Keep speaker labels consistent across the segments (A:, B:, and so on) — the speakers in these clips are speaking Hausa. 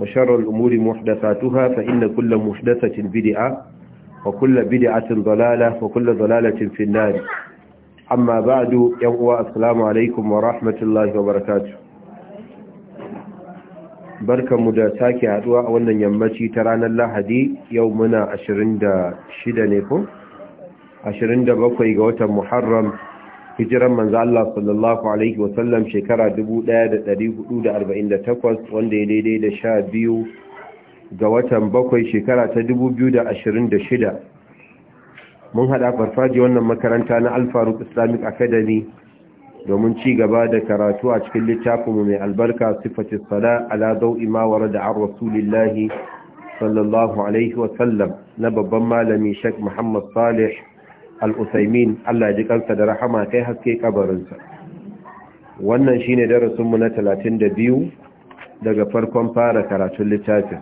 A: وشر الأمور محدثاتها فإن كل محدثة بدعة وكل بدعة ضلالة وكل ضلالة في النار أما بعد يوم السلام عليكم ورحمة الله وبركاته barkan mu da sake haduwa a wannan yammaci ta ranar lahadi yau muna 26 ne ko 27 ga watan muharram hijiran manzo Allah sallallahu alaihi wa sallam, shekara 1448 wanda ya daidai da 12 ga watan bakwai shekara ta 2026 mun hada farfaji wannan makaranta na Al-Faruq Islamic Academy domin ci gaba da karatu a cikin littafinmu mai albarka sifatis sala ala dawi ma warada an rasulillahi sallallahu alaihi wa sallam, na babban malami Sheikh Muhammad Salih al-usaimin Allah ji kansa da rahama kai haske kabarinsa wannan shine darasin mu na 32 daga farkon fara karatun littafin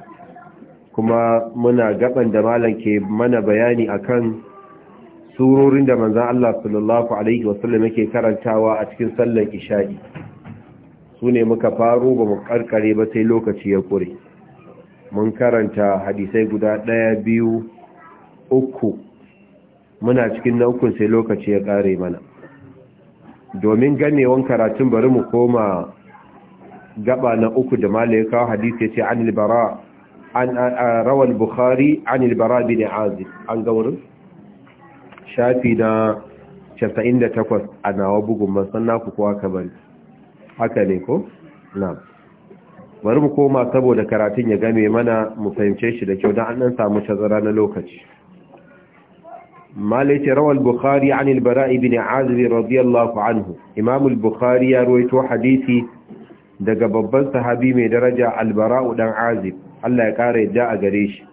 A: kuma muna gaban da malam ke mana bayani akan surorin da manzan Allah sallallahu alaihi wasallam yake karantawa a cikin sallar isha'i su ne muka faro ba mu karkare ba sai lokaci ya kure mun karanta hadisai guda ɗaya biyu uku muna cikin na ukun sai lokaci ya ƙare mana domin ganewan karatun bari mu koma gaba na uku da malaika hadisi ce an libara an rawar bukhari an libara bin azib an gaurin shafi na 98 a nawa bugun masan naku kowa ka haka ne ko? na bari mu koma saboda karatun ya game mana mu fahimce shi da kyau don an samu tazara na lokaci malai ce rawar bukhari an ilbara ibn azir radiyallahu anhu imamul bukhari ya ruwaito hadisi daga babban sahabi mai daraja albara'u dan azir Allah ya kara yadda a gare shi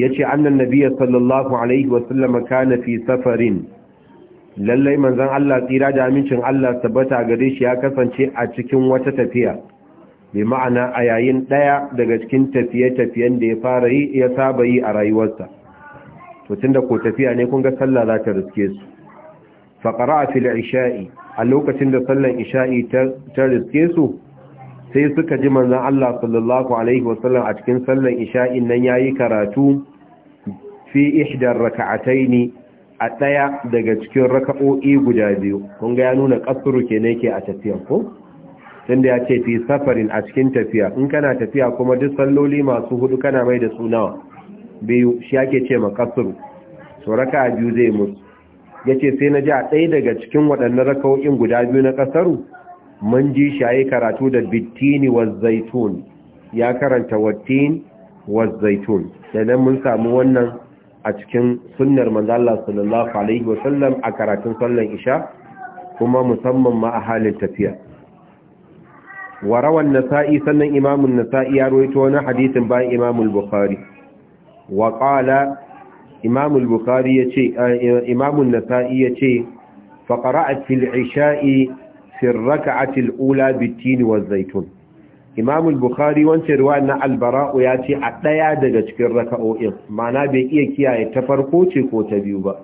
A: yace annan nabiyyi sallallahu alaihi wasallam kana fi safarin lallai manzon Allah tsira da amincin Allah tabbata gare shi ya kasance a cikin wata tafiya bi ma'ana a yayin ɗaya daga cikin tafiye-tafiyen da ya fara yi ya saba yi a rayuwarsa to tunda ko tafiya ne kun ga sallah za ta riske su fa qara'a fil isha'i a lokacin da sallan isha'i ta riske su sai suka ji manzon Allah sallallahu alaihi wasallam a cikin sallan isha'in nan yayi karatu fi ihdar raka'ataini a ɗaya daga cikin raka'o'i guda biyu kun ga ya nuna kasuru kenan yake a tafiya ko tunda ya fi safarin a cikin tafiya in kana tafiya kuma duk salloli masu hudu kana mai da sunawa? biyu shi ake ce ma kasuru so raka biyu zai musu yace sai na ji a ɗaya daga cikin waɗannan rakawokin guda biyu na kasaru mun ji shi yi karatu da bittini wa zaitun ya karanta wattin wa zaitun nan mun samu wannan a cikin sunnar manzo Allah sallallahu alaihi wa sallam a karatun sallan isha kuma musamman ma a halin tafiya wa rawan nasa'i sannan imamun nasa'i ya rawaito wani hadisin bayan imamul bukhari Waƙala qala imam al-bukhari yace imam an-nasa'i yace fa qara'at fil isha'i fi ar-rak'ati al-ula bit-tin waz bukhari wancan riwaya na al yace a ɗaya daga cikin raka'o'in mana bai iya kiyaye ta farko ce ko ta biyu ba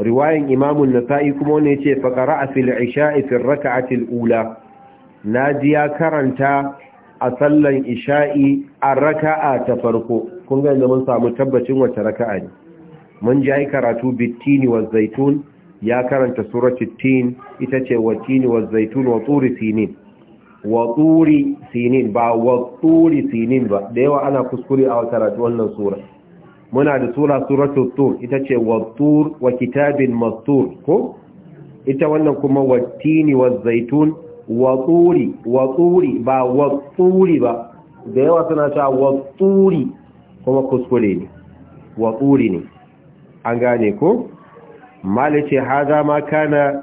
A: riwayan imam an-nasa'i kuma ne yace fa a fil isha'i fi ar-rak'ati al-ula nadiya karanta a sallan isha'i a raka'a ta farko kun ga mun samu tabbacin wacce raka'a ne mun ji ai karatu bitini wa zaitun ya karanta surati tin ita ce wa tini wa zaitun wa turi sinin wa turi sinin ba wa turi sinin ba da yawa ana kuskure a karatu wannan sura muna da sura suratul tur ita ce wa tur wa kitabin mastur ko ita wannan kuma wa tini wa zaitun wa turi wa turi ba wa turi ba da yawa suna cewa wa turi kuma kuskure ne wa tsuri ne an gane ko mali haza ma kana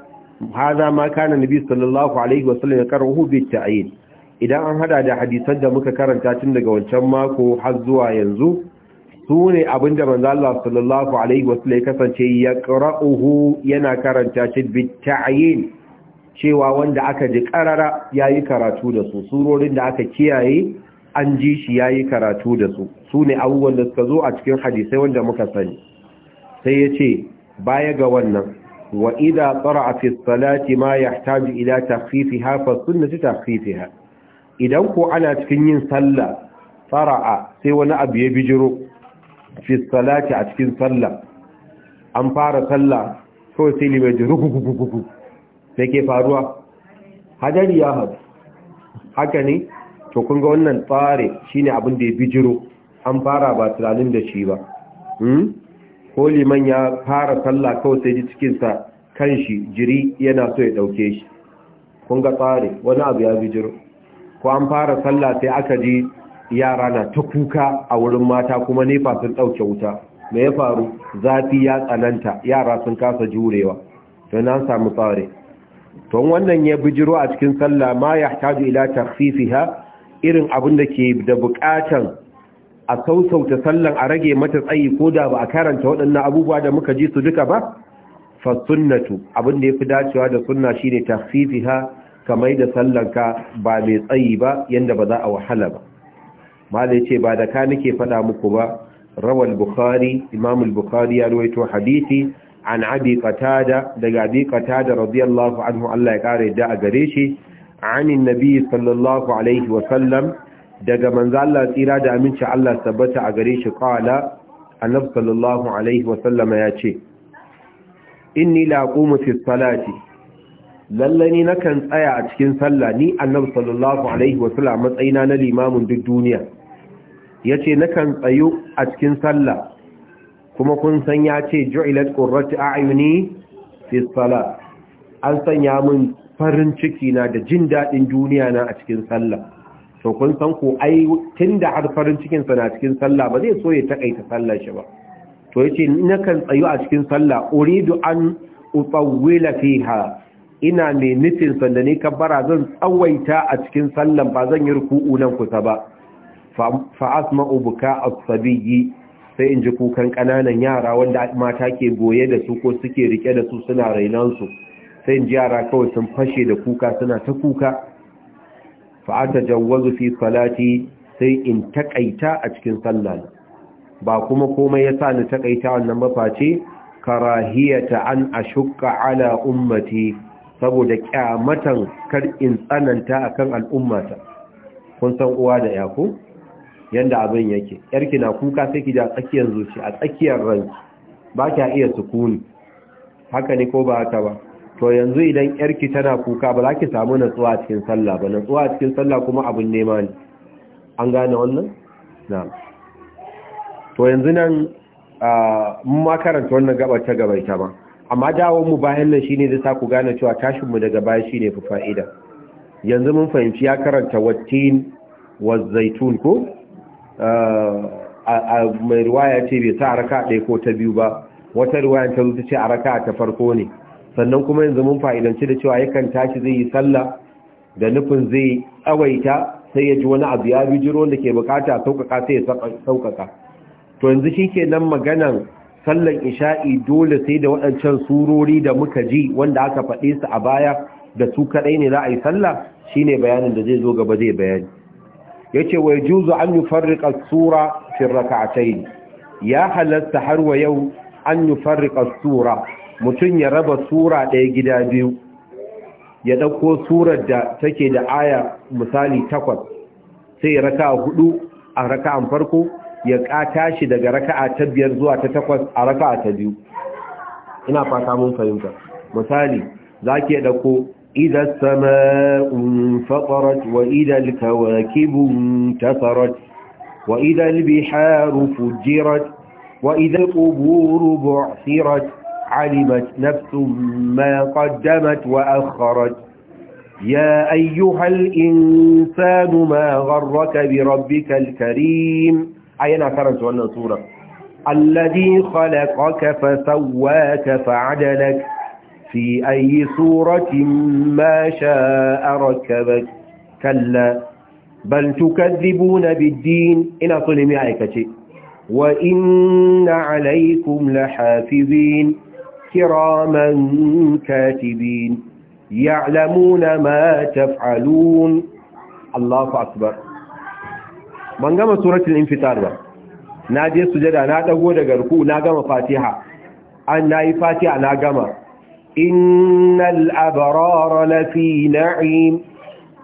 A: haza ma kana nabi sallallahu alaihi wasallam ya karahu bi ayin. idan an hada da hadisan da muka karanta tun daga wancan mako har zuwa yanzu su ne abinda manzo Allah sallallahu alaihi wasallam ya kasance ya qara'uhu yana karanta shi bi cewa wanda aka ji karara yayi karatu da su surorin da aka kiyaye an ji shi yayi karatu da su su ne abubuwan da suka zo a cikin hadisai wanda muka sani sai ya ce baya ga wannan wa idha tsara fi salati ma yahtaju ila takhfifiha fa sunnatu idan ko ana cikin yin salla tsara a sai wani abu ya bijiro fi salati a cikin salla an fara salla kawai sai limai jiru gugugugugu da ke faruwa hadari ya haka ne to kun wannan tsare shine abin da ya bijiro an fara ba tunanin da shi ba hmm? ko liman ya fara sallah kawai sai ji cikinsa kan shi jiri yana so ya ɗauke shi kun ga tsari wani abu ya bijiro ko an fara sallah sai aka ji yara na ta kuka a wurin mata kuma nefa sun ɗauke wuta me ya faru zafi ya tsananta yara sun kasa jurewa don an samu tsari don wannan ya bijiro a cikin sallah ma ya taju ila tafifiha irin abin da ke da bukatan a sausauta sallan a rage mata tsayi ko da ba a karanta waɗannan abubuwa da muka ji su duka ba fa sunnatu abin da yafi dacewa da sunna shine ha kamar da sallanka ba mai tsayi ba yanda ba za a wahala ba malai ce ba da ka nake faɗa muku ba rawal bukhari imam al-bukhari ya rawaito hadisi an abi qatada daga abi qatada radiyallahu anhu Allah ya kare da a gare shi عن النبي صلى الله عليه وسلم daga manzo Allah tsira da aminci Allah tabbata a gare shi qala sallallahu alaihi wa sallama yace inni laqumu fi salati lalle ni nakan tsaya a cikin sallah ni annab sallallahu alaihi wa sallam matsayina na limamin duk duniya yace nakan tsayo a cikin sallah kuma kun san yace ju'ilat qurratu a'yuni fi salat an sanya min farin ciki na da jin dadin duniya na a cikin sallah to kun san ko ai tunda har farin cikin sa na cikin sallah ba zai so ya takaita sallah shi ba to yace ina kan tsayu a cikin sallah uridu an utawwila fiha ina mai nufin sanda ne kabbara zan tsawaita a cikin sallan ba zan yi ruku'u nan kusa ba fa asma'u buka as-sabiyyi sai in ji kukan kananan yara wanda mata ke goye da su ko suke rike da su suna su sai in ji yara kawai sun fashe da kuka suna ta kuka fa jawwazu fi salati sai in taƙaita a cikin sallah ba kuma komai yasa ni takaita wannan ba face karahiyata an ashukka ala ummati saboda kyamatan kar in tsananta akan al'ummata kun san uwa da yako? yanda abin yake yarki na kuka sai ki da tsakiyar zuci a tsakiyar ranki ba kya iya sukuni haka ne ko ba haka ba to yanzu idan yarki tana kuka ba za ki samu natsuwa a cikin sallah ba natsuwa a cikin sallah kuma abin nema ne an gane wannan na to yanzu nan ma karanta wannan gabar ta gaba ta ba amma dawon mu bayan nan shi ne zai sa ku gane cewa tashin mu daga baya shine fi fa'ida yanzu mun fahimci ya karanta wattin wa zaitun ko a mai ruwaya ce bai sa raka ɗaya ko ta biyu ba wata riwaya ta zuci a raka ta farko ne sannan kuma yanzu mun fa'idanci da cewa yakan tashi zai yi sallah da nufin zai tsawaita sai ya ji wani abu ya ruwan da ke bukata sauƙaƙa sai ya sauƙaƙa to yanzu shi ke nan maganan sallan isha'i dole sai da waɗancan surori da muka ji wanda aka faɗe su a baya da su kaɗai ne za a yi sallah shine bayanin da zai zo gaba zai bayani yace wai juzu an yufarriqa sura fi rak'atayn ya halatta har wa yau an yufarriqa sura mutum ya raba sura ɗaya gida biyu ya ɗauko surar da take da aya misali takwas sai ya raka hudu a raka an farko ya ƙata shi daga a ta biyar zuwa ta takwas a a ta biyu ina fata mun fahimta misali za ki ya ɗauko idan sama faɗarat wa idan kawakibun tasarat wa idan biharu fujirat wa idan ƙuburu bu'asirat علمت نفس ما قدمت وأخرت يا أيها الإنسان ما غرك بربك الكريم أين أخرت هنا سورة الذي خلقك فسواك فعدلك في أي صورة ما شاء ركبك كلا بل تكذبون بالدين إن صلمي عيكتي وإن عليكم لحافظين كراما كاتبين يعلمون ما تفعلون الله أكبر من قام سورة الانفتار نادي السجدة نادي قول قرقو ناقام فاتحة ناي فاتحة نا ناقام إن الأبرار لفي نعيم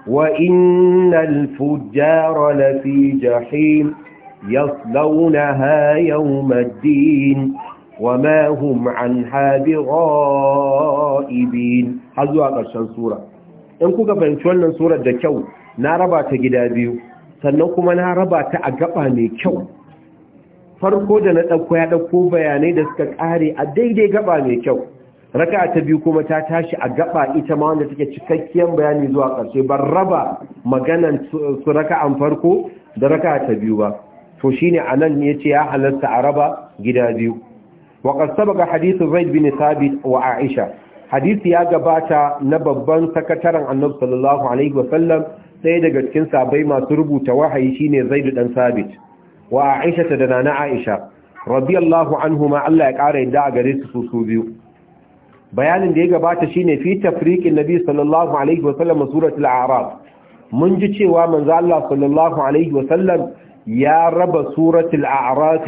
A: وإن الفجار لفي جحيم يصلونها يوم الدين وما هم عن بغائبين har zuwa ƙarshen sura in kuka fahimci wannan surar da kyau na raba ta gida biyu sannan kuma na raba ta a gaba mai kyau farko da na ɗauko ya ɗauko bayanai da suka ƙare a daidai gaba mai kyau raka ta biyu kuma ta tashi a gaba ita ma wanda take cikakkiyar bayani zuwa ƙarshe ban raba maganan su raka an farko da raka ta biyu ba to shine anan ne yace ya halatta a raba gida biyu wa qad sabaqa hadithu zaid bin thabit wa aisha hadisi ya gabata na babban sakataren annabi sallallahu sai daga cikin sabai masu rubuta wahayi shine zaid dan thabit wa aisha ta da nana aisha radiyallahu anhuma Allah ya ƙara yadda a gare su su biyu bayanin da ya gabata shine fi tafriqin nabi sallallahu mun ji cewa manzo Allah sallallahu alaihi wasallam ya raba suratul a'raf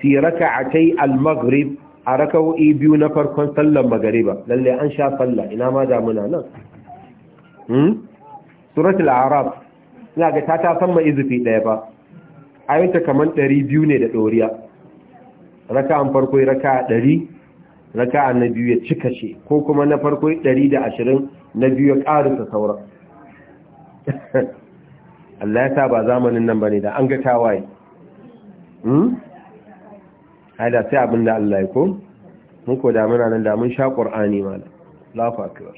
A: fi raka'atai al-maghrib a raka'o'i biyu na farkon sallar magariba lalle an sha sallah ina ma damuna nan hmm suratul a'raf ina ga ta ta san ma izufi daya ba kamar kaman 200 ne da doriya raka'an farko raka'a 100 a na biyu ya cika ce ko kuma na farko 120 na biyu ya karisa sauran Allah ya sa ba zamanin nan bane da an ga tawaye hmm haida sai abin da Allah ya ko mun ko da nan da mun sha qur'ani mala fa akbar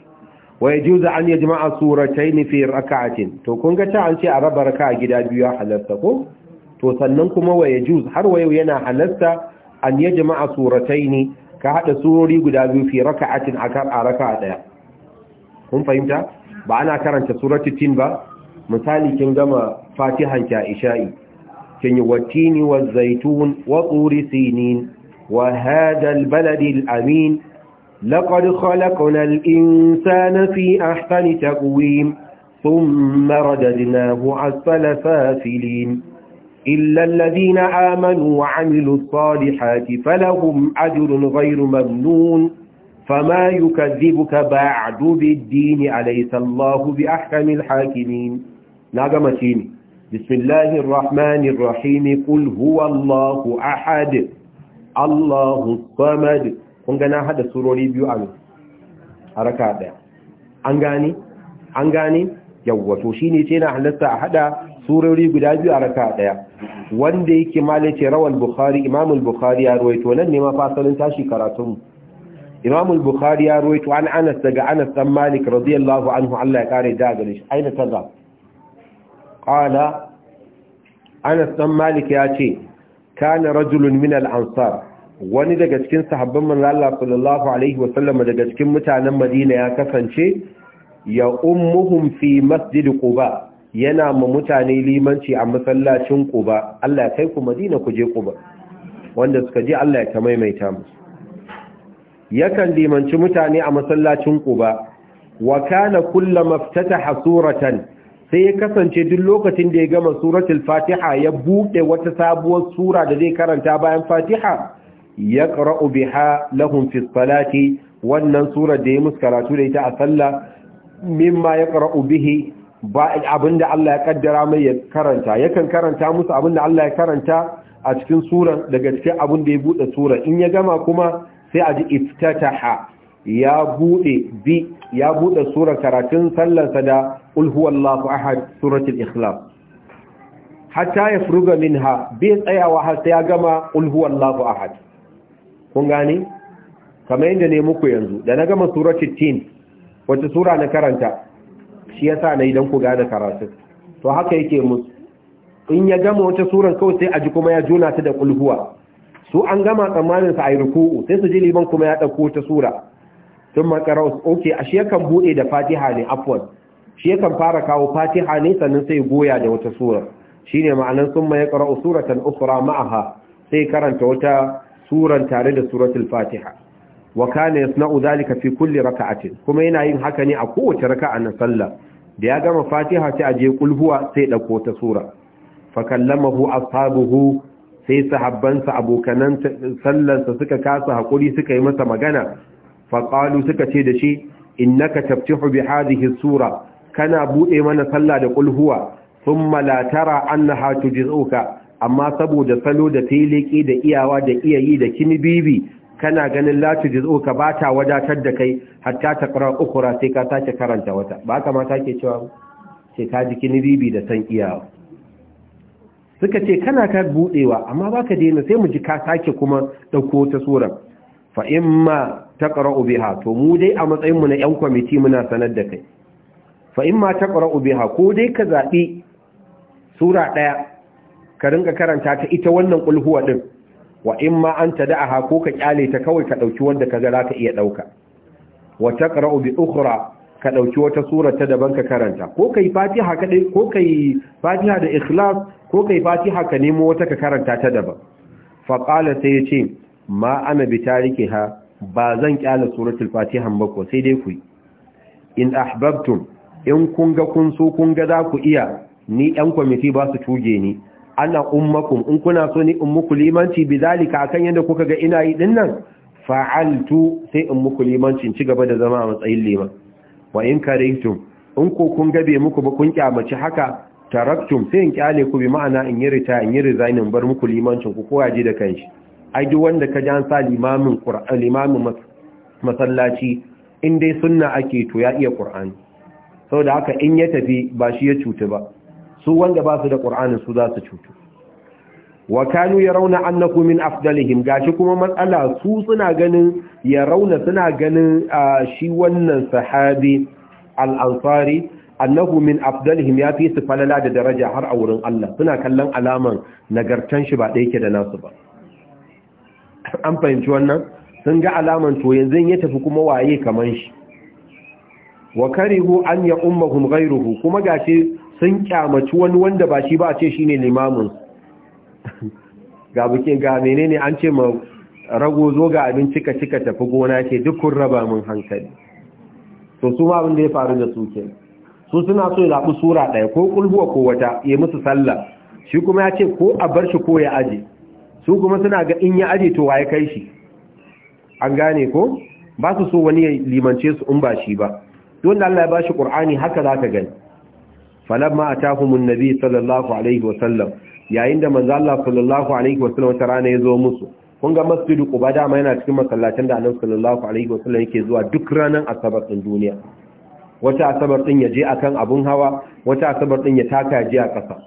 A: wa yajuzu an yajma'a suratayn fi rak'atin to kun ga ta an ce a raba raka'a gida biyu halatta ko to sannan kuma wa yajuzu har wayo yana halatta an yajma'a suratayn ka hada surori guda biyu fi rak'atin akar a raka'a daya kun fahimta ba ana karanta surati tin ba misali kin gama fatihan ki isha'i كن والتين والزيتون وطور سينين وهذا البلد الأمين لقد خلقنا الإنسان في أحسن تقويم ثم رددناه أسفل سافلين إلا الذين آمنوا وعملوا الصالحات فلهم أجر غير ممنون فما يكذبك بعد بالدين أليس الله بأحكم الحاكمين ناقمتيني بسم الله الرحمن الرحيم قل هو الله أحد الله الصمد kun gana hada surori biyu a haraka daya an gani an gani yawwa to shine ce na halatta a hada surori guda biyu a haraka daya wanda yake malice rawal bukhari imam al-bukhari ya ruwaito nan ne ma fasalin tashi karatun imam al-bukhari ya ruwaito an anas daga anas dan malik radiyallahu anhu Allah ya kare da gare shi aina tazza qala Anas dan Malik ya ce kana rajulun min al-ansar wani daga cikin sahabban manzo Allah sallallahu alaihi wa sallam daga cikin mutanen Madina ya kasance ya ummuhum fi masjid Quba yana ma mutane limanci a masallacin Quba Allah ya kai ku Madina ku je Quba wanda suka je Allah ya maimaita musu yakan limanci mutane a masallacin Quba wa kana kullama iftataha suratan sai ya kasance duk lokacin da ya gama suratul fatiha ya buɗe wata sabuwar sura da zai karanta bayan fatiha ya ƙara'u biha lahum fi wannan sura da ya musu karatu da ita a sallah mimma ya ƙara'u bihi ba abinda Allah ya ƙaddara mai ya karanta yakan karanta musu abinda Allah ya karanta a cikin suran daga cikin abin da ya buɗe sura. in ya gama kuma sai a ji iftataha ya bude bi ya bude sura karatun sallarsa da qul huwallahu ahad suratul ikhlas hatta ya furuga minha bi tsayawa har sai ya gama qul huwallahu ahad kun gane kamar yadda ne muku yanzu da na gama suratul tin wata sura na karanta shi yasa na idan ku gane karatun to haka yake musu in ya gama wata suran kawai sai a ji kuma ya jona ta da kulhuwa su an gama tsammanin sa ayi ruku'u sai su ji liman kuma ya dauko ta sura sun makara ok, a shi yakan buɗe da fatiha ne afwan shi yakan fara kawo fatiha ne sannan sai goya da wata sura shi ne ma'anar sun ma ya karau suratan ukura ma'aha sai karanta wata suran tare da suratul fatiha wa kana yasna'u dhalika fi kulli raka'atin kuma yana yin haka ne a kowace raka'a na sallah da ya gama fatiha sai aje kulhuwa sai dauko ta sura fa kallamahu ashabuhu sai sahabbansa abokanan sallarsa suka kasa hakuri suka yi masa magana faƙalu suka ce da shi innaka taftihu bi hadhihi sura kana buɗe mana sallah da Kulhuwa, sun thumma la tara annaha tujzuka amma saboda salo da tiliki da iyawa da iyayi da kinibibi kana ganin la tujzuka ba ta wadatar da kai hatta ta qara ukura sai ka sake karanta wata ba mata ke cewa sai ka ji bibi da san iyawa suka ce kana ka budewa amma baka daina sai mu ji ka sake kuma ɗauko ta sura fa imma to mu dai a matsayin mu na yan kwamiti muna sanar da kai fa imma ko dai ka zaɓi sura ɗaya ka rinka karanta ta ita wannan kulhuwa ɗin, wa ma an da'aha ko ka ƙyale ta kawai ka ɗauki wanda kaga ka iya ɗauka. wa taqra'u bi ka ɗauki wata sura ta daban ka karanta ko kai fatiha ko fatiha da ikhlas ko yi fatiha ka nemo wata ka karanta ta daban faƙala sai ya ce ma ana bi ha, ba zan kyala suratul Fatihan ba ko sai dai ku in ahbabtum in kun ga kun so kun ga za ku iya ni ɗan kwamiti ba su tuge ni ana ummakum in kuna so ni in muku limanci bi zalika akan yadda kuka ga ina yi dinnan fa'altu sai in muku limanci ci gaba da zama a matsayin liman wa in karihtum in ko kun ga bai muku ba kun kyamaci haka taraktum sai in kyale ku bi ma'ana in yi rita in yi in bar muku limancin ku kowa ji da kanshi ai wanda ka jan sa limamin limamin masallaci in dai sunna ake to ya iya Sau saboda haka in ya tafi ba shi ya cutu ba su wanda ba su da qur'anin su za su cutu wa kanu yarawna annaku min afdalihim gashi kuma matsala su suna ganin yarawna suna ganin shi wannan sahabi al-ansari annahu min afdalihim ya fi su falala da daraja har a wurin Allah suna kallon alaman nagartan shi ba ɗaya ke da nasu ba an fahimci wannan sun ga alaman to yanzu ya tafi kuma waye kaman shi wa karihu an ya ummahum ghayruhu kuma gashi sun kyamaci wani wanda ba shi ba a ce shine limamin ga buke ga menene an ce ma rago zo ga abin cika cika tafi gona ce duk kun raba mun hankali to su ma abin da ya faru da su ke su suna so ya zaɓi sura ɗaya ko kulhuwa ko wata ya musu sallah shi kuma ya ce ko a bar shi ko ya aje su kuma suna ga in ya aje to waye kai shi an gane ko ba su so wani ya limance su in ba shi ba don Allah ya bashi Qur'ani haka zaka gani falamma atahumun nabi sallallahu alaihi wa sallam yayin da manzo Allah sallallahu alaihi wa sallam ta rana ya zo musu kun ga masjidu Quba dama yana cikin masallacin da Annabi sallallahu alaihi wa sallam yake zuwa duk ranan asabar din duniya wata asabar din ya je akan abun hawa wata asabar din ya taka je a kasa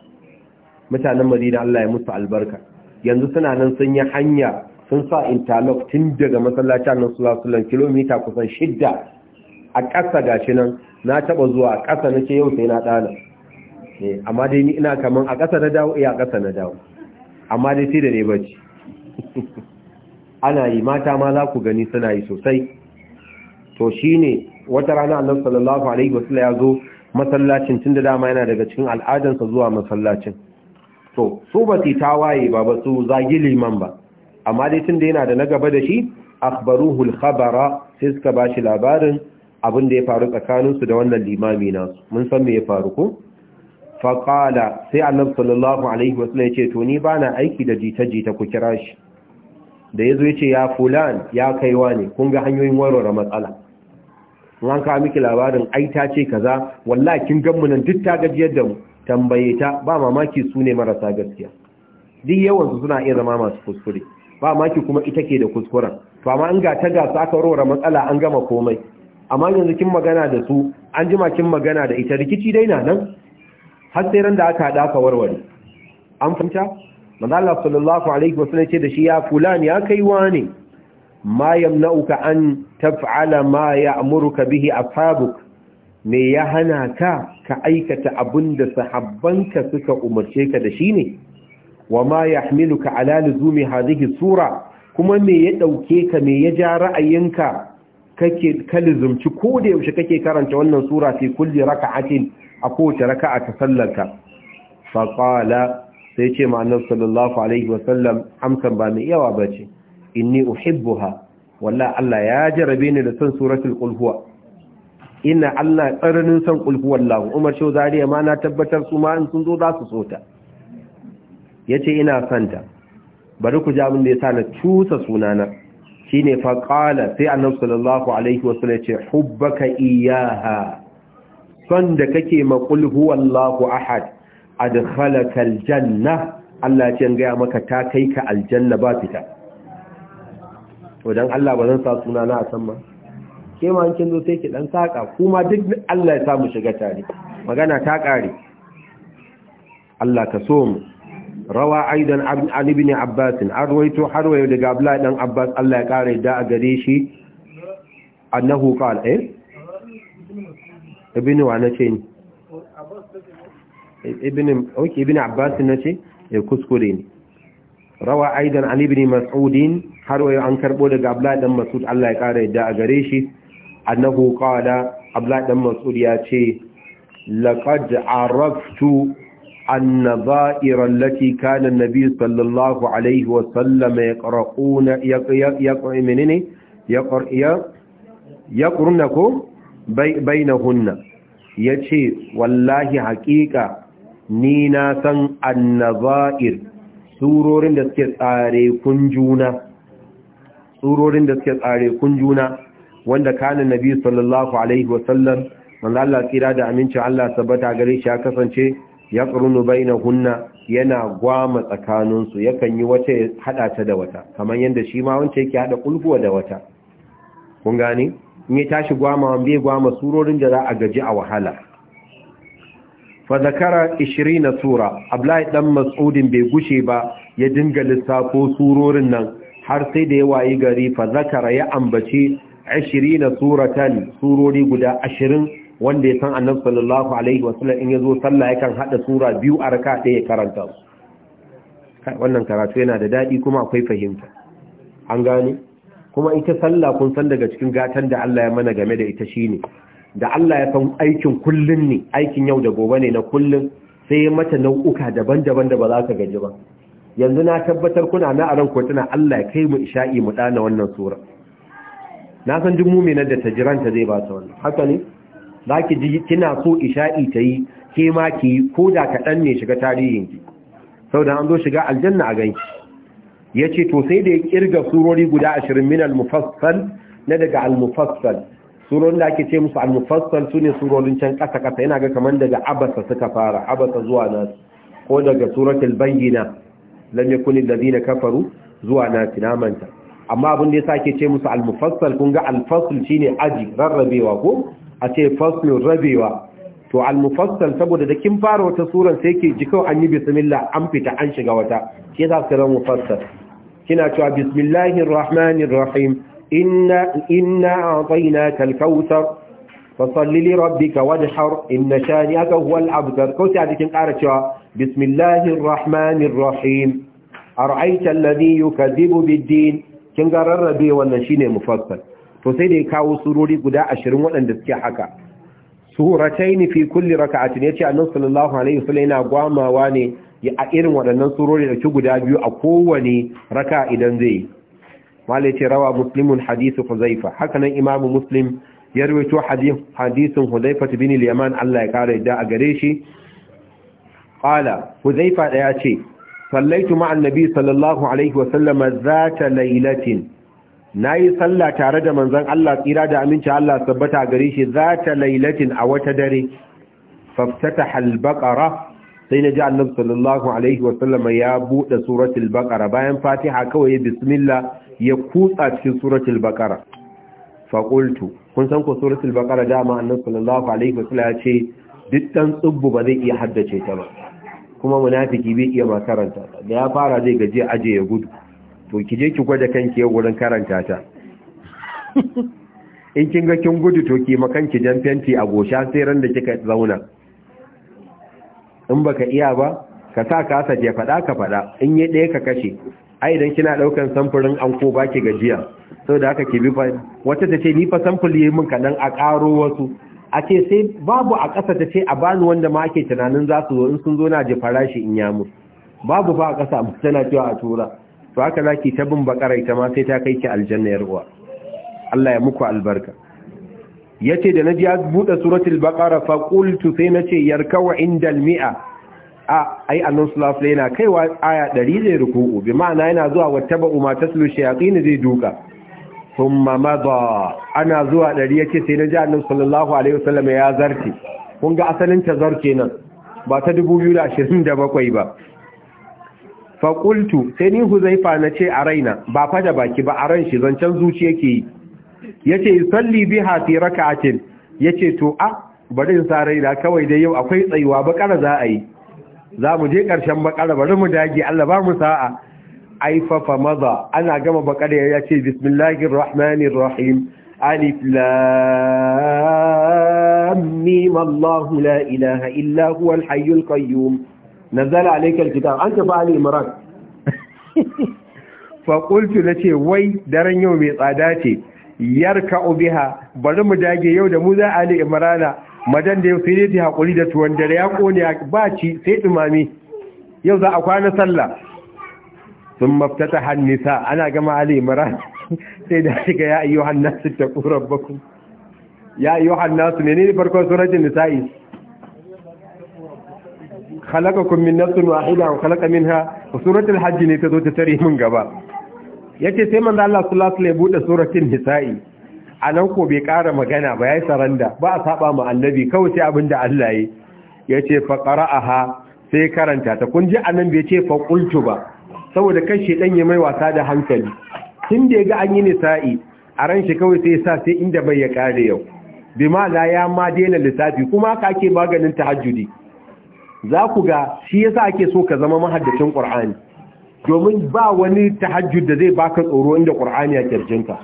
A: mutanen Madina Allah ya musu albarka yanzu suna nan sun yi hanya sun sa interlock tun daga masallaci nan su zasu kilomita kusan shidda a ƙasa gashi nan na taɓa zuwa a ƙasa nake yau sai na ɗana eh, amma dai ni ina kaman a ƙasa na dawo iya eh, ƙasa na dawo amma dai sai da ne bacci ana yi mata ma za ku gani suna yi sosai to shine wata rana annabi sallallahu alaihi wasallam ya zo masallacin tunda dama yana daga cikin al'adansa zuwa masallacin So su ba su waye ba ba su zagi liman ba amma dai tun da yana da na gaba da shi akhbaruhu al-khabara sai suka bashi labarin abin da ya faru tsakaninsu da wannan limami nasu mun san me ya faru ko faƙala sai annabi sallallahu alaihi wasallam ya ce to ni bana aiki da jita-jita ku kira shi da yazo ya ce ya fulan ya kaiwa ne kun ga hanyoyin warware matsala in an kawo miki labarin ai ta ce kaza wallahi kin gan nan duk ta gajiyar da mu tambaye ta ba mamaki su ne marasa gaskiya duk yawansu suna iya zama masu kuskure ba mamaki kuma ita ke da kuskuren to amma an ga ta gasa aka rora matsala an gama komai amma yanzu kin magana da su an jima kin magana da ita rikici dai na nan har sai ran da aka hada aka warware an fahimta manzo Allah sallallahu alaihi wasallam ce da shi ya fulan ya kai wani ma yamna'uka an taf'ala ma ya'muruka bihi ashabuk me ya hana ka ka aikata abin da sahabbanka suka umarce ka da shi ne wa ma ya ka ala luzumi hadhihi sura kuma me ya ɗauke ka me ya ja ra'ayinka kake kalizumci ko da yaushe kake karanta wannan sura fi kulli raka'atin a kowace raka'a ta sallarka fa qala sai ce ma annabi sallallahu alaihi wa sallam amsan ba mai yawa bace inni uhibbuha wallahi Allah ya jarabe ni da son suratul qul huwa ina Allah tsananin san kulhu wallahu Umar Shehu Zariya ma na tabbatar su ma in sun zo za su so ta yace ina santa bari ku ja min da yasa na cusa sunana shine fa qala sai annabi sallallahu alaihi wasallam yace hubbaka iyaha son da kake ma kulhu wallahu ahad adkhalaka aljanna Allah yace ce ga maka ta kai ka aljanna ba fita to dan Allah ba zan sa sunana a san ma ke ma kin zo sai ki dan saka kuma duk Allah ya samu shiga tare magana ta kare Allah ka so mu rawa aidan an ibn abbas an harwa har daga abdullahi dan abbas Allah ya kare da a gare shi annahu qala eh ibn wa nace ni ibn okay ibn abbas ce ya eh, kuskure ni rawa aidan an ibn mas'ud har wayo an karbo daga abdullahi dan mas'ud Allah ya kare da a gare shi annahu qala abla dan mansur ya ce laqad araftu anna dha'ira allati kana an-nabi sallallahu alayhi wa sallam yaqra'una yaqra'u minni yaqra'a yaqrunaku bainahunna yace wallahi haƙiƙa ni na san annaba'ir surorin da suke tsare surorin da suke tsare kun juna wanda kana nabi sallallahu alaihi wasallam manzo Allah tsira da amincin Allah tabbata gare shi ya kasance ya qurunu bainahunna yana gwama tsakanin yakan yi wata hada ta da wata kamar yanda shi ma wance yake hada kulfuwa da wata kun gane in ya tashi gwama wan bai gwama surorin da za a gaji a wahala fa zakara 20 sura abdullahi dan mas'udin bai gushe ba ya dinga lissafo surorin nan har sai da ya wayi gari fa zakara ya ambace 20 suratan surori guda ashirin, wanda ya san annabi sallallahu alaihi wasallam in ya zo sallah yakan hada sura biyu a raka ɗaya karanta wannan karatu yana da daɗi, kuma akwai fahimta an gane kuma ita sallah kun san daga cikin gatan da Allah ya mana game da ita shine da Allah ya san aikin kullun ne aikin yau da gobe ne na kullun sai ya mata nau'uka daban-daban da ba za ka gaji ba yanzu na tabbatar kuna na aran ko tana Allah ya kai mu isha'i mu dana wannan sura na san duk da ta jiranta zai ba ta wannan haka ne za ki ji kina so isha'i ta yi ke ma ki ko da kaɗan ne shiga tarihinki sau da an zo shiga aljanna a ganki ya ce to sai da ya kirga surori guda ashirin min almufassal na daga almufassal surorin da ake ce musu almufassal su ne surorin can ƙasa ƙasa yana ga kamar daga abasa suka fara abasa zuwa nasu ko daga suratul bayyina lam yakun alladhina kafaru zuwa na manta amma abin da ya sake ce musu al-mufassal kun ga al-fasl shine aji rarrabewa ko a ce faslun rabewa to al-mufassal saboda da kin fara wata suran sai ke ji kawai an yi bismillah an fita an shiga wata shi yasa su ran mufassal kina cewa bismillahir rahmanir rahim inna inna a'tainaka al-kautsar fasalli li rabbika wajhar inna shani'aka huwal abtar ko sai a cikin ƙara cewa bismillahir rahmanir rahim أرأيت الذي يكذب بالدين kin ga rarrabe wannan shine mufassal to sai da ya kawo surori guda 20 waɗanda suke haka suratayn fi kulli rak'atin yace annabi sallallahu alaihi wasallam yana gwamawa ne a irin waɗannan surori da guda biyu a kowane raka idan zai mala yace rawa muslimun hadithu huzaifa haka nan imamu muslim ya rawaito hadithun huzaifa bin al-yaman Allah ya kare da a gare shi qala huzaifa da ce. sallaitu ma'an nabi sallallahu alaihi wasallama za ta lailatin na yi sallah tare da manzan Allah tsira da aminci Allah sabbata gare shi za ta lailatin a wata dare faftata halbaƙara sai na ji annabi sallallahu alaihi wasallama ya buɗe suratul baƙara bayan fatiha kawai ya bismillah ya kutsa cikin suratul baƙara faƙultu kun san ko suratul baƙara dama annabi sallallahu alaihi wasallama ya ce duk ɗan tsubbu ba zai iya haddace ta ba kuma munafiki bai iya ma karanta da ya fara zai gaje aje ya gudu to ki je ki gwada kanki ya gurin karanta ta in kin ga kin gudu to ki makanki jan fenti a gosha sai ran da kika zauna in baka iya ba ka sa ka sa je fada ka fada in yi ɗaya ka kashe ai idan kina ɗaukan samfurin an ko baki gajiya saboda haka ki bi wata ta ce ni fa samfuri yayi min kadan a karo wasu a sai babu a ƙasa ta ce a bani wanda ma ake tunanin za su zo in sun zo na je farashi in ya mutu babu ba a ƙasa amma tana cewa a tura to haka za ki ta bin bakara ita ma sai ta kai ki aljanna yar uwa Allah ya muku albarka yace da naji ya buɗe suratul baqara fa qultu sai ce yarkawa indal mi'a a ai annabi sallallahu alaihi wasallam kaiwa aya 100 zai ruku'u bi ma'ana yana zuwa wattaba ma taslu shayatin zai duka thumma madha ana zuwa dari yace sai na ji annabi sallallahu alaihi wasallam ya zarti kun ga asalin tazar nan ba ta 2027 ba fa qultu sai ni huzaifa nace a raina ba fa da baki ba a ran shi zancan zuci yake yi yace salli biha fi rak'atin yace to a bari in sa raina kawai dai yau akwai tsayuwa bakara za a yi za mu je ƙarshen bakara bari mu dage Allah ba mu sa'a aifafa maza ana gama bakare ya ce bismillahir rahmanir rahim alif lam mim allah la ilaha illa huwal hayyul qayyum nazala alayka alkitab anta fa ali imran fa qultu nace wai daren yau mai tsada ce yarka Ubiha, bari mu dage yau da mu za ali imrana madan da yau sai dai ta hakuri da tuwon dare ya kone ba ci sai dumami yau za a kwana sallah sun maftata hannisa ana gama al'imara sai da shiga ya ayyu hannasu ta ƙurar baku ya ayyu hannasu ne ne farkon suratun nisa'i khalaqakum min nafsin wahida wa min ha. A suratul hajji ne ta zo ta tare min gaba Ya ce sai manzo Allah sallallahu alaihi wasallam ya bude suratul A nan ko bai ƙara magana ba yayi saranda ba a saba ma annabi kawai sai abinda Allah Ya ce fa ƙara'a ha sai karanta ta kun ji anan bai ce fa qultu ba saboda kan shedan ya mai wasa da hankali tun da ya ga an yi nisa'i a ran shi kawai sai sa sai inda bai ya kare yau bi la ya ma daina lissafi kuma ka ake maganin tahajjudi za ku ga shi yasa ake so ka zama mahaddacin qur'ani domin ba wani tahajjud da zai baka tsoro inda qur'ani ya kirjinka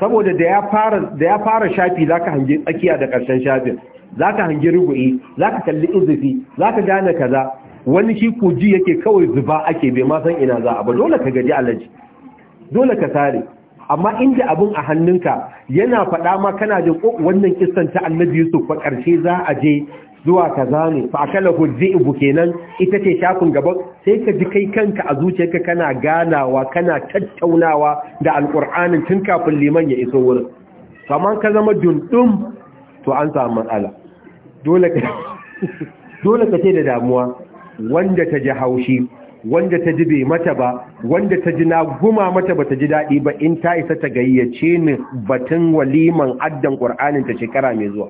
A: saboda da ya fara da ya fara shafi zaka hange tsakiya da karshen shafin zaka hange rubu'i zaka kalli izifi zaka gane kaza wani shi kuji yake kawai zuba ake bai ma san ina za a ba dole ka gaji alaji dole ka tare amma inda abin a hannunka yana faɗa ma kana jin oh, wannan kissan ta annabi yusuf fa ƙarshe za a je zuwa kaza ne fa akala ibu kenan ita ce shafin gaba, sai ka ji kai kanka a zuciyarka kana ganawa kana tattaunawa da alqur'anin tun kafin liman ya iso wurin kamar ka zama dundum to an samu matsala dole ka dole ka ce da damuwa wanda ta ji haushi wanda ta ji bai mata ba wanda ta ji na guma mata ba ta ji daɗi ba in ta isa ta gayyace ni batun waliman addan ƙur'anin shekara mai zuwa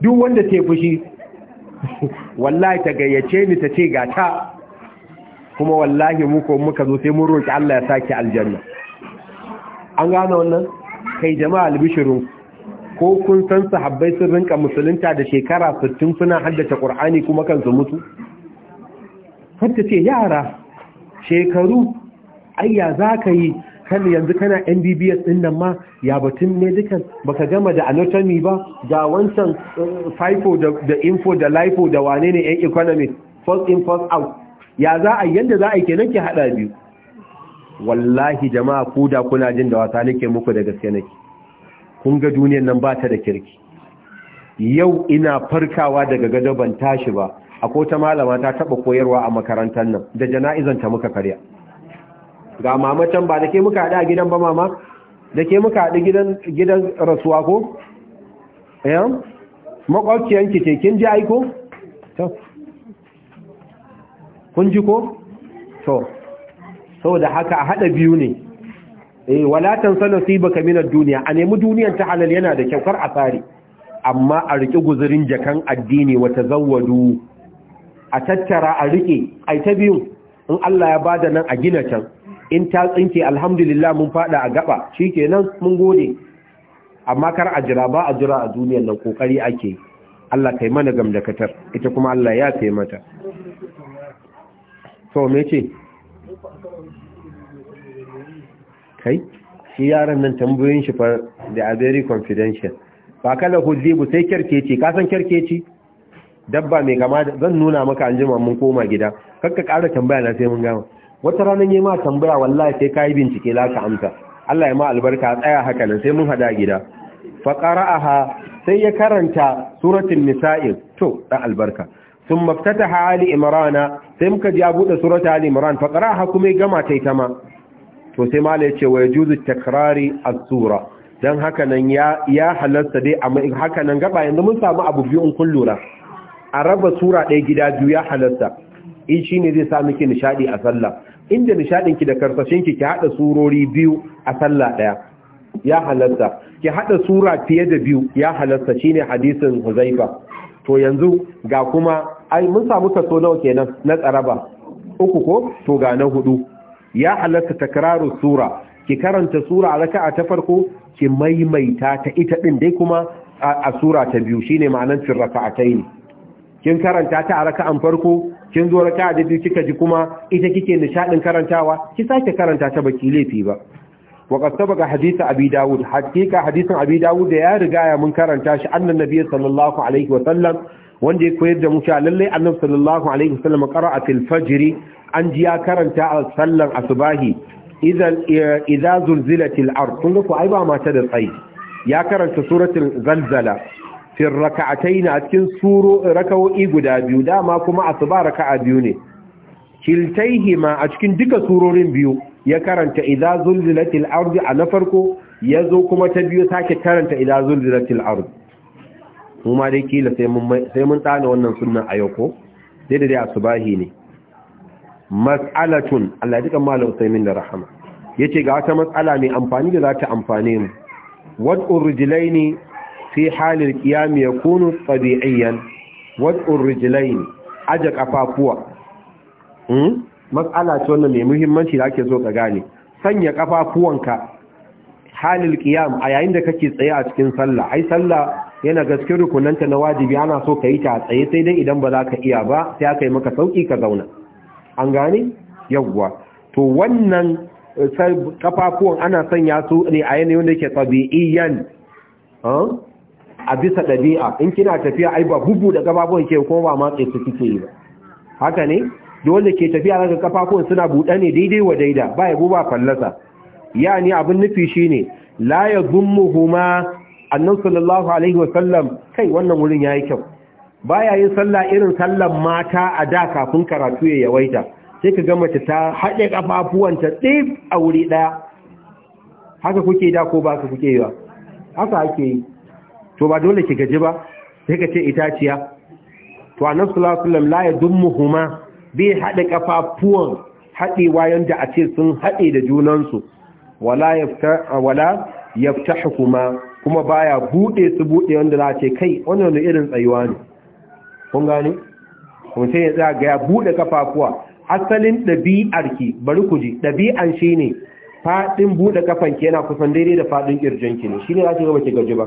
A: duk wanda ta fushi wallahi ta gayyace ni ta ce ga ta kuma wallahi muka muka zo sai mun roƙi Allah ya saki aljanna an gane wannan kai jama'a albishirun ko kun san sahabbai sun rinka musulunta da shekara 60 suna haddace Qur'ani kuma kansu mutu hatta ce yara shekaru ayya zaka yi kan yanzu kana MBBS din nan ma ya batun ne dukan baka gama da anatomy ba ga wancan eh, FIFO da info da LIFO da wane ne yan economy first in first out ya za a yanda za a yi kenan ki hada biyu wallahi jama'a ku da kuna jin da wasa nake muku da gaske nake kun ga duniyan nan ba ta da kirki yau ina farkawa daga gado ban tashi ba akwai ta malama ta taba koyarwa a makarantar nan da jana'izan ta muka karya ga mama ba da ke muka haɗu a gidan ba mama da ke muka haɗu gidan rasuwa ko? ɗayan? Eh? makwabciyanki ce kin ji aiko? to kun ji ko? to sau da haka a haɗa biyu ne eh wala tansa nasibaka baka ad-dunya a nemi duniyar ta halal yana da kyau kar a tsari amma a rike guzurin jakan addini wa tazawwadu a tattara a rike ai ta biyu in Allah ya bada nan a gina can in ta tsinke alhamdulillah mun fada a gaba shikenan mun gode amma kar a jira ba a jira a duniyar nan kokari ake Allah kai mana gamdakatar ita kuma Allah ya kai mata to me ce kai shi yaran nan tambayoyin shi far da a very confidential ba kala huzibu sai kerkeci ka san kerkeci dabba mai kama da zan nuna maka an jima mun koma gida kakka ƙara tambaya na sai mun gama wata ranar yi ma tambaya wallahi sai ka bincike za ka amsa Allah ya ma albarka tsaya haka nan sai mun hada gida fa qara'aha sai ya karanta suratul misail. to da albarka sun maftataha ali imrana sai muka ji abu da suratul ali imran fa qara'aha kuma ya gama taitama to sai mala ya ce wa yajuzu takrari as-sura dan haka nan ya ya halarta dai amma haka nan gaba yanzu mun samu abu biyu in kun a raba sura ɗaya gida biyu ya halarta in shine zai sa miki nishadi a sallah inda nishadin ki da karsashin ki ki hada surori biyu a sallah ɗaya ya halarta ki hada sura fiye da biyu ya halarta shine hadisin Huzaifa to yanzu ga kuma ai mun samu kaso nawa kenan na tsaraba uku ko to ga na hudu ya halatta takraru sura ki karanta sura a raka'a ta farko ki maimaita ta ita din dai kuma a sura ta biyu shine ma'anar cin ne. kin karanta ta a raka'an farko kin zo raka'a da biyu kika ji kuma ita kike nishadin karantawa ki sake karanta ta baki laifi ba وقد سبق حديث أبي داود حقيقة da ya داود يا karanta من كرنتاش أن النبي sallallahu alaihi wa sallam, wanda ya koyar da mu cewa lalle annabi sallallahu alaihi wasallam qara'a fil fajr an ji ya karanta a sallan asubahi idan zulzilatil ard kun ga ko ai ba mata da tsayi ya karanta suratul zalzala fi rak'atayn a cikin suro rak'o'i guda biyu dama kuma asuba rak'a biyu ne kiltaihima a cikin duka surorin biyu ya karanta idza zulzilatil ard a na farko yazo kuma ta biyu sake karanta idza zulzilatil ard kuma dai kila sai mun sai mun tsana wannan sunnan a yau ko dai da dai asubahi ne mas'alatun Allah ya duka malam Usaimin da rahama yace ga wata masala mai amfani da za ta amfane mu wad'ur rijlaini fi halil qiyam yakunu tabi'iyan wad'ur rijlaini aja kafafuwa hmm matsala ce wannan mai muhimmanci da ake so ka gane sanya kafafuwanka halil qiyam a yayin da kake tsaye a cikin sallah ai sallah yana gaske rukunanta na wajibi ana so ka yi ta tsaye sai dai idan ba za ka iya ba sai aka yi maka sauki ka zauna an gane yawwa to wannan eh, kafafuwan ana sanya su ne a yanayin da yake tabi'iyan a bisa ɗabi'a in kina tafiya ai ba bubu da kafafuwan ke kuma ba matse su kike yi ba haka ne da wanda ke tafiya daga kafafuwan suna buɗe ne daidai wa daida ba yabo ba fallasa yani abin nufi shi ne. la ya yadhummuhuma annan sallallahu alaihi wasallam kai wannan wurin ya yi kyau Ba ya yin sallah irin sallan mata a da kafin karatu ya yawaita sai ka gama ta haɗe ƙafafuwanta tsif a wuri ɗaya haka kuke da ko ba ka kuke yi haka ake yi to ba dole ki gaji ba sai ka ce itaciya to a nasu lasulam la ya dummu bai haɗe kafafuwan haɗewa yadda a ce sun haɗe da junansu wala yafta hukuma kuma baya buɗe su buɗe wanda za a ce kai wani irin tsayuwa ne kun gani? kun sai ya tsaga ya bude kafafuwa asalin ɗabi'ar ki bari ku ji ɗabi'an shi ne faɗin buɗe kafan ki yana kusan daidai da faɗin ƙirjin ki ne shi ne za ki gaba ki gaji ba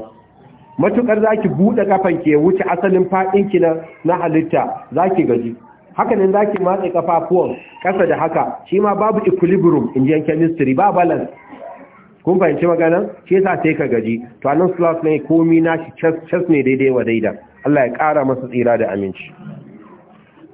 A: matukar za ki buɗe kafan ki ya wuce asalin faɗin ki na halitta za ki gaji haka ne za ki matse kafafuwan ƙasa da haka shi ma babu equilibrium in jiyan chemistry ba balance kun fahimci magana shi yasa sai ka gaji to anan slash ne komi na shi chest ne daidai wa daidai. Allah ya ƙara masa tsira da aminci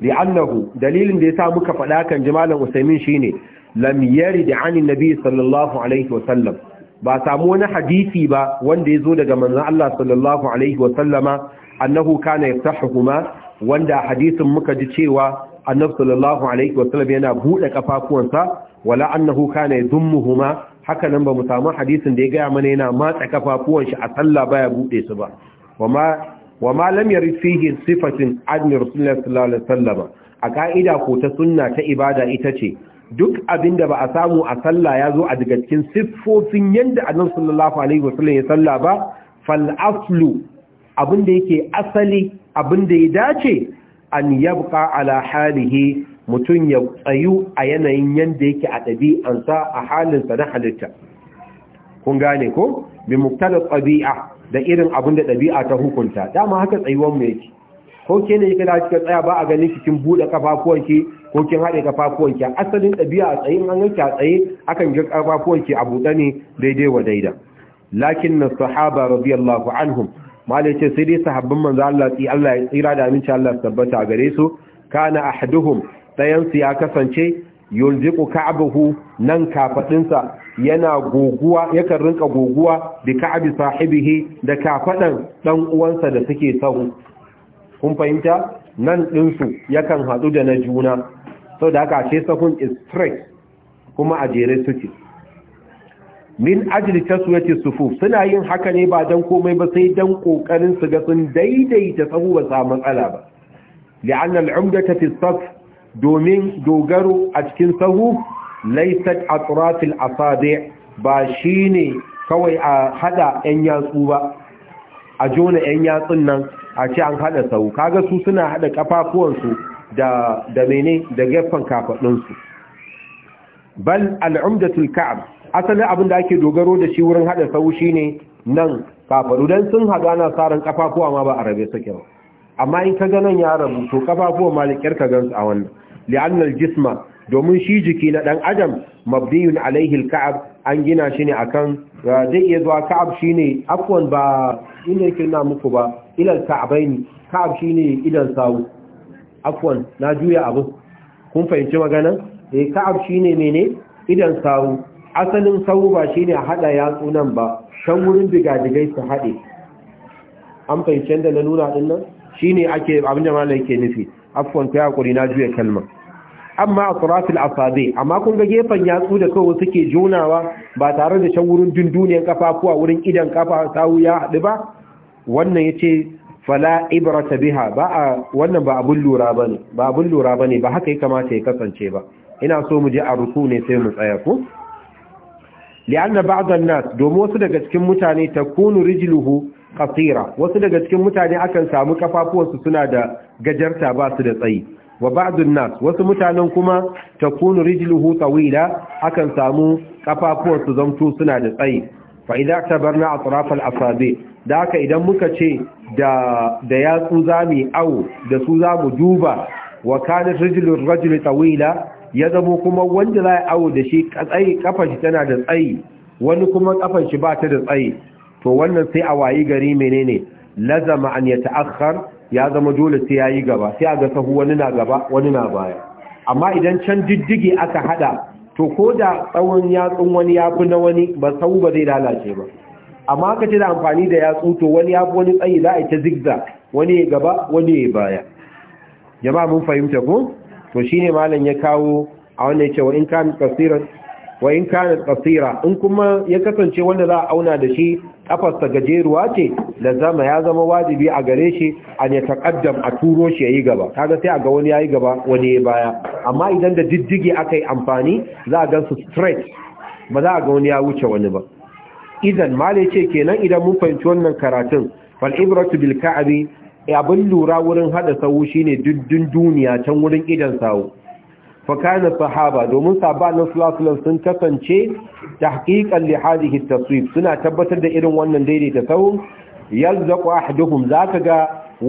A: li'annahu dalilin da ya sa muka faɗa kan jimalan usaimin shine lam yarid ani nabi sallallahu alaihi wa sallam ba samu wani hadisi ba wanda yazo daga manzon Allah sallallahu alaihi wa sallama annahu kana yaftahuhuma wanda hadisin muka ji cewa annabi sallallahu alaihi wa sallam yana bude kafafuwansa wala annahu kana yadhummuhuma haka nan ba mu samu hadisin da ya ga mana yana matsa kafafuwan shi a sallah baya bude su ba wama wa ma lam yarid fihi sifatin adni rasulullahi sallallahu alaihi wasallam a ka'ida ko ta sunna ta ibada ita ce duk abinda ba a samu a sallah ya zo a daga cikin siffofin yanda annabi sallallahu alaihi wasallam ya salla ba fal aslu abinda yake asali abinda ya dace an yabqa ala halihi mutum ya tsayu a yanayin yanda yake a ɗabi'ansa a halinsa na halitta kun gane ko bi muktada tsabi'a da irin abin da ɗabi'a ta hukunta dama haka tsayuwan mu yake ko ke ne yake da kika tsaya ba a ganin cikin buɗe kafafuwanki ko kin haɗe kafafuwanki asalin ɗabi'a a tsayin an yanke a tsaye akan ga kafafuwanki a buɗe ne daidai wa daida lakin na sahaba radiyallahu anhum malai ce sai dai sahabban manzo Allah ti Allah ya tsira da aminci Allah tabbata a gare su kana ahaduhum dayan su ya kasance yuljiku ka'abahu nan kafadinsa yana goguwa yakan rinka goguwa bi ka'abi sahibihi da kafadan dan uwansa da suke sahu kun fahimta nan dinsu yakan hadu da na juna saboda aka ce sahun is straight kuma a jere suke min ajli taswati sufu suna yin haka ne ba dan komai ba sai dan kokarin su ga sun daidaita sahu ba sa matsala ba li'anna al'umdata fi saf domin dogaro a cikin sahu laisat atratil asabi ba shine kawai a hada yan yatsu ba a jona yan yatsun nan a ci an hada sahu kaga su suna hada kafafuwansu da da mene da gefen kafadunsu bal al'umdatul ka'ab asalin abin da ake dogaro da shi wurin hada sahu shine nan kafadu dan sun hada na saran kafafuwa ma ba a rabe suke ba amma in ka ganin ya rabu to kafafuwan malikiyar ka gansu a wannan li'annal jisma domin shi jiki na dan adam mabdiyun alaihi alka'ab an gina shi ne akan ah, zai iya zuwa ka'ab shine afwan ba inda yake na muku ba ilal ka'abaini ka'ab shine idan sawu afwan na juya abu. kun fahimci magana eh ka'ab shine mene idan sawu asalin sawu ba shine a hada yatsu nan ba shan wurin digadigai su hade an fahimci da na nuna din nan Shi ne ake abin da malai yake nufi afwan ta hakuri na juya kalma amma a turafil asabe. amma kun ga gefen yatsu da kawai suke jonawa ba tare da shan wurin dunduniyar kafafuwa wurin idan kafa sawu ya haɗu ba wannan ya ce, fala ibrata biha ba a wannan ba abun lura bane ba ba haka ya kamata ya kasance ba ina so mu je a ruku ne sai mu tsaya ku? li'anna ba'd an-nas domin wasu daga cikin mutane takunu rijluhu ƙasira wasu daga cikin mutane akan samu kafafuwansu suna da gajarta ba su da tsayi wa nas wasu mutanen kuma takunu rijluhu tawila akan samu ƙafafuwarsu zamto suna da tsayi fa idza tabarna atraf al asabi da haka idan muka ce da da yatsu zamu au da su zamu duba wa kana rijlur rajuli tawila ya zamo kuma wanda za awo da shi tsayi kafa shi tana da tsayi wani kuma kafan shi ba ta da tsayi to wannan sai a wayi gari menene lazama an ta'akhkhar ya zama dole sai yayi gaba sai a ga sahu wani na gaba wani na baya amma idan can diddige aka hada to ko da tsawon yatsun wani ya fi na wani ba sahu ba zai lalace ba amma aka ce da amfani da yatsu to wani ya fi wani tsayi za a ta zigza wani ya gaba wani ya baya jama'a mun fahimta ko to shine malam ya kawo a wannan cewa in kan kasiran wa in kana tsira in kuma ya kasance wanda za a auna da shi kafarsa gajeruwa ce da zama ya zama wajibi a gare shi a ne takaddam a turo shi yayi gaba kaga sai a ga wani yayi gaba wani ya baya amma idan da diddige yi amfani za a ga su straight ba za a ga wani ya wuce wani ba idan male ce kenan idan mun fahimci wannan karatun fal ibratu bil ka'abi abin lura wurin hada sawu shine duddun duniya can wurin idan sawu Fakana sahaba domin sabanin sulasulan sun kasance tahqiqan li hadhihi taswif suna tabbatar da irin wannan daidaita sahun yalzaqu ahduhum zaka ga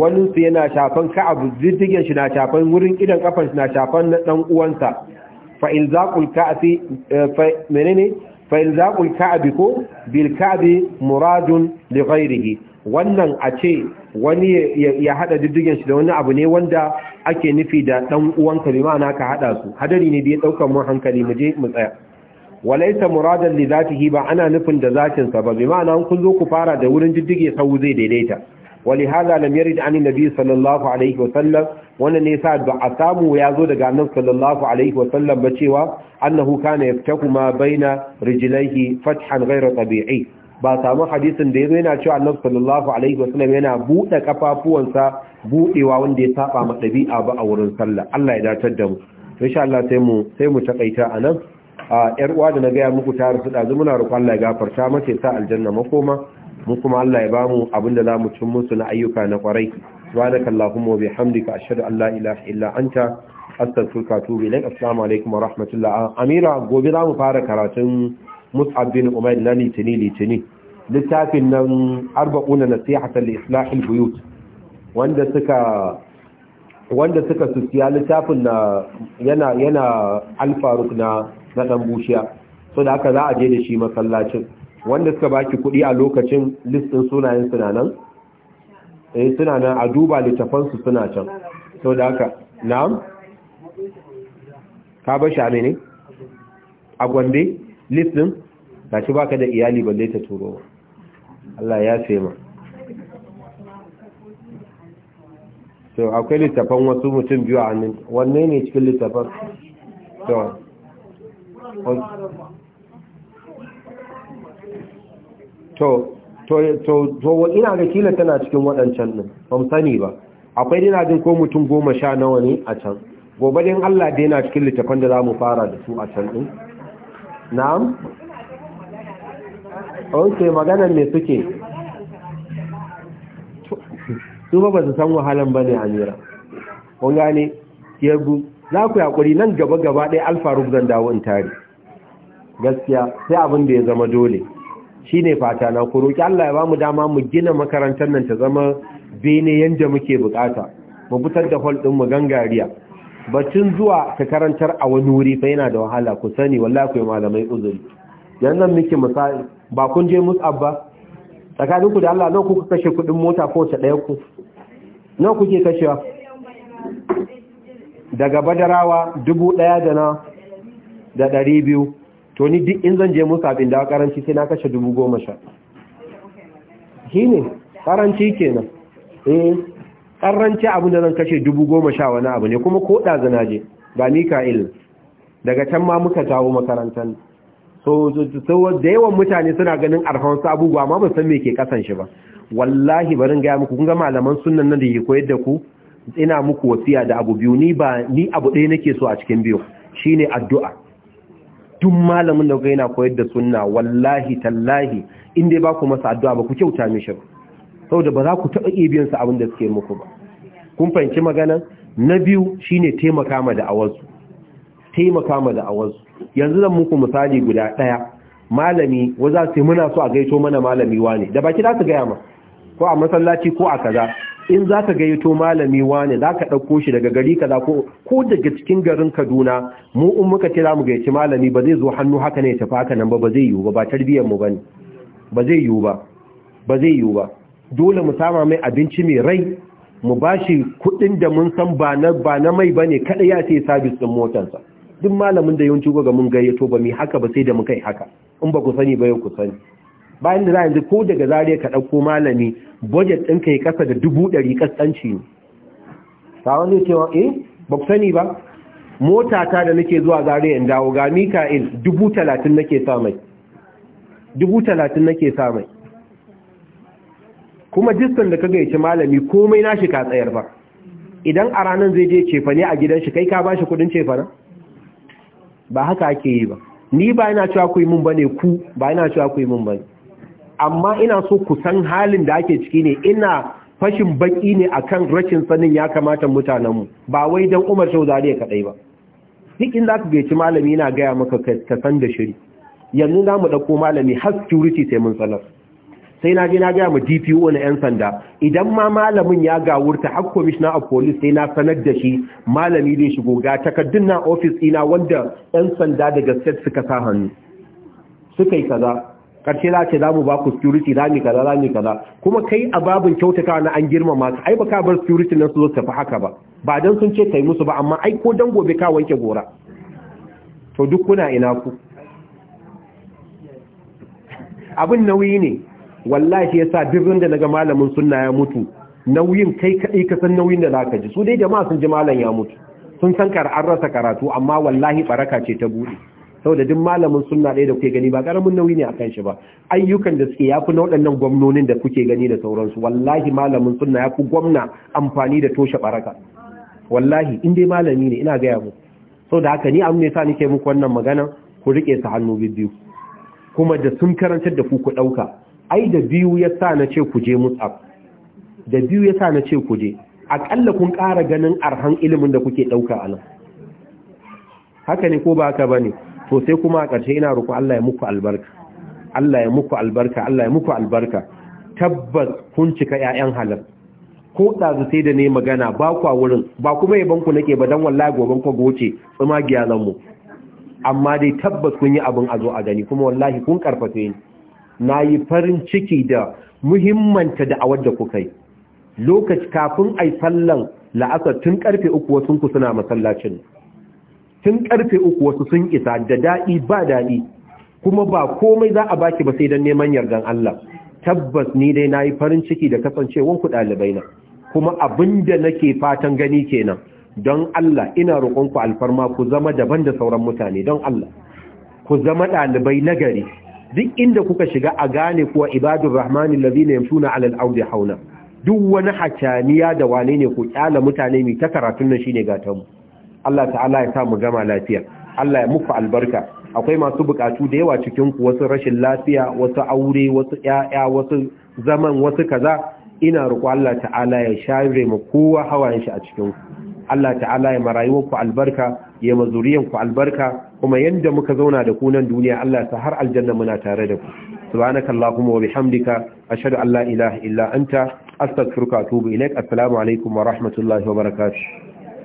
A: wani su yana shafan ka'abu ziddigen shi na shafan wurin idan kafan shi na shafan na dan uwansa fa ilzaqul ka'fi fa menene fa ilzaqul ka'bi ko bil ka'bi muradun li ghayrihi wannan a ce wani ya hada diddigen shi da wani abu ne wanda ake nufi da dan uwan kalima na ka hada su hadari ne da ya dauka mu hankali mu je mu tsaya walaysa muradan li zatihi ba ana nufin da zatin sa ba bi ma'ana kun zo ku fara da wurin diddige sau zai daidaita ولهذا lam يرد عن النبي صلى Sallallahu alaihi وسلم wannan ne sa ba a samu ya zo daga nan sallallahu alaihi wa ba cewa annahu kana yaftahu ma baina rijlaihi fathan ghayra tabi'i ba samu hadisin da ya zo yana cewa annabi sallallahu alaihi wasallam yana buɗe kafafuwansa buɗewa wanda ya saba ma dabi'a ba a wurin sallah Allah ya datar da mu insha Allah sai mu sai mu takaita anan a yar uwa da na ga muku ta rasu da muna roƙon Allah ya gafarta mace sa aljanna makoma mu kuma Allah ya bamu abinda zamu cin musu na ayyuka na kwarai subhanakallahumma wa bihamdika ashhadu an la ilaha illa anta astaghfiruka wa atubu ilaik assalamu alaikum wa rahmatullah amira gobe za mu fara karatun mus'ab bin umair na litini litini littafin nan arba'una nasihatan li islahil buyut wanda suka wanda littafin na yana yana alfaruk na na bushiya so da haka za a je da shi masallacin wanda suka baki kuɗi a lokacin listin sunayen suna eh suna a duba littafan su suna can so da haka na'am ka bashi ne a gombe list din ba shi baka da iyali balle ta turo Allah ya ce ma to akwai littafan wasu mutum biyu a nan wanne ne cikin littafan to to to to ina ga kila tana cikin waɗancan nan ban sani ba akwai dina jin ko mutum goma sha nawa ne a can gobe din Allah dai na cikin littafan da za mu fara da su a can din na'am
B: okay magana me suke
A: su ba su san wahalan ba ne amira kun gane yagu za ku yaƙuri nan gaba gaba ɗaya alfaruk zan dawo in tare gaskiya sai abin da ya zama dole shi ne fata na ku roƙi allah ya ba mu dama mu gina makarantar nan ta zama bene yadda muke bukata mu fitar da hol ɗin mu gangariya Baccin zuwa ka karantar a wani wuri fa yana da wahala ku sani wallahi ku malamai uzuri yanzu miki misali ba kun je mus'ab ba tsakanin ku da Allah nawa kuka kashe kudin mota ko ta daya ku nawa kuke kashewa daga badarawa dubu daya da na da ɗari biyu to ni duk in zan je mus'ab inda karanci sai na kashe dubu goma sha shi ne karanci kenan eh ƙarranci abin da zan kashe dubu goma sha wani abu ne kuma ko ɗazana je ga mika'il daga can ma muka jawo makarantar so da yawan mutane suna ganin su abubuwa ma musamman me ke kasan shi ba wallahi barin gaya muku kun ga malaman sunan nan da ke koyar da ku ina muku wasiya da abu biyu ni ba ni abu ɗaya nake so a cikin biyu shine addu'a duk malamin da kuka yana koyar da sunna wallahi tallahi in dai ba ku masa addu'a ba ku kyauta mishi ba saboda ba za ku taɓa iya biyan su abin da suke muku ba kun fahimci magana na biyu shine taimaka ma da awansu. taimaka ma da awansu. yanzu zan muku misali guda ɗaya malami waza sai muna so a gaito mana malami wane da baki za su gaya ma ko a masallaci ko a kaza in za ka gaito malami wane za ka ɗauko shi daga gari kaza ko ko daga cikin garin kaduna mu in muka kira mu gaici malami ba zai zo hannu haka ne ya tafi haka nan ba ba zai yiwu ba ba tarbiyyar mu bane ba zai yiwu ba ba zai yiwu ba dole mu sama mai abinci mai rai mu bashi kuɗin da mun san ba na ba na mai bane kada ya sai sabis din motarsa duk malamin da yawanci ga mun gayyato ba mu haka ba sai da mu kai haka in ba ku sani ba yau ku sani bayan da za yanzu ko daga zare ka dauko malami budget ɗin ka yi ƙasa da dubu ɗari ƙasƙanci ne ta wani cewa eh ba ku sani ba mota ta da nake zuwa zare in dawo ga mika'il dubu talatin nake sa mai dubu talatin nake sa mai kuma jistan da ka gaici malami komai nashi ka tsayar ba idan a ranar zai je cefane a gidan shi kai ka bashi kudin cefane ba haka ake yi ba ni ba ina cewa ku yi mun bane ku ba ina cewa ku yi mun bane amma ina so ku san halin da ake ciki ne ina fashin baki ne akan rashin sanin ya kamata mutanenmu ba wai dan Umar Shauzari ya kadai ba duk inda aka gaici malami yana gaya maka ka san da shiri yanzu za mu ɗauko malami har security sai mun sanar sai na je na gaya mu DPO na 'yan sanda idan ma malamin ya gawurta har commissioner of police sai na sanar da shi malami zai shigo ga takardun na office ina wanda 'yan sanda daga state suka sa hannu suka yi kaza karshe za ce za mu ba ku security za mu kaza za mu kaza kuma kai a babin kyautata na an girmama ka ai baka bar security nan su zo tafi haka ba ba dan sun ce kai musu ba amma ai ko dan gobe ka wanke gora to duk kuna ina ku abin nauyi ne wallahi ya sa duk da naga malamin sunna ya mutu nauyin kai kadai ka san nauyin da zaka ji su dai jama'a sun ji malam ya mutu sun san kar an rasa karatu amma wallahi baraka ce ta bude saboda duk malamin sunna ɗaya da kuke gani ba karamin nauyi ne akan shi ba ayyukan da suke yafi na waɗannan gwamnonin da kuke gani da sauransu wallahi malamin sunna fi gwamna amfani da toshe baraka wallahi in dai malami ne ina gaya muku saboda haka ni ne sa nake muku wannan magana ku rike su hannu biyu kuma da sun karantar da ku ku ɗauka. ai da biyu ya sa na ce ku je da biyu ya sa na ce ku je aƙalla kun ƙara ganin arhan ilimin da kuke ɗauka a nan haka ne ko ba haka ba ne to sai kuma a ƙarshe ina roƙo Allah ya muku albarka Allah ya muku albarka Allah ya muku albarka tabbas kun cika ƴaƴan halal ko ɗazu sai da ne magana ba a wurin ba kuma yaban ku nake ba dan wallahi goban ku goce tsuma giya mu amma dai tabbas kun yi abin a zo a gani kuma wallahi kun karfafe ni na yi farin ciki da muhimmanta da'awar da kuka yi lokaci kafin a yi sallan la'asar tun karfe uku wasu ku suna masallacin tun karfe uku wasu sun isa da daɗi ba daɗi kuma ba komai za a baki ba sai don neman yardan Allah tabbas ni dai na yi farin ciki da kasancewar ku ɗalibai na kuma abin da nake fatan gani kenan don Allah ina roƙonku alfarma ku zama daban da sauran mutane don Allah ku zama ɗalibai nagari duk inda kuka shiga a gane kuwa ibadur rahmani allazina yamshuna ala al hauna duk wani hacaniya da wane ne ku kyala mutane mai ta karatun nan shine gatan mu Allah ta'ala ya sa mu gama lafiya Allah ya muku albarka akwai masu bukatu da yawa cikin ku wasu rashin lafiya wasu aure wasu 'ya'ya, wasu zaman wasu kaza ina roƙo Allah ta'ala ya share mu kowa hawayen shi a cikin ku Allah ta'ala ya marayuwar ku albarka ya mazuriyar ku albarka kuma yanda muka zauna da ku nan duniya Allah ta har aljanna muna tare da ku subhanakallahumma wa bihamdika ashhadu an la ilaha illa anta astaghfiruka wa atubu ilaik assalamu alaikum wa rahmatullahi wa barakatuh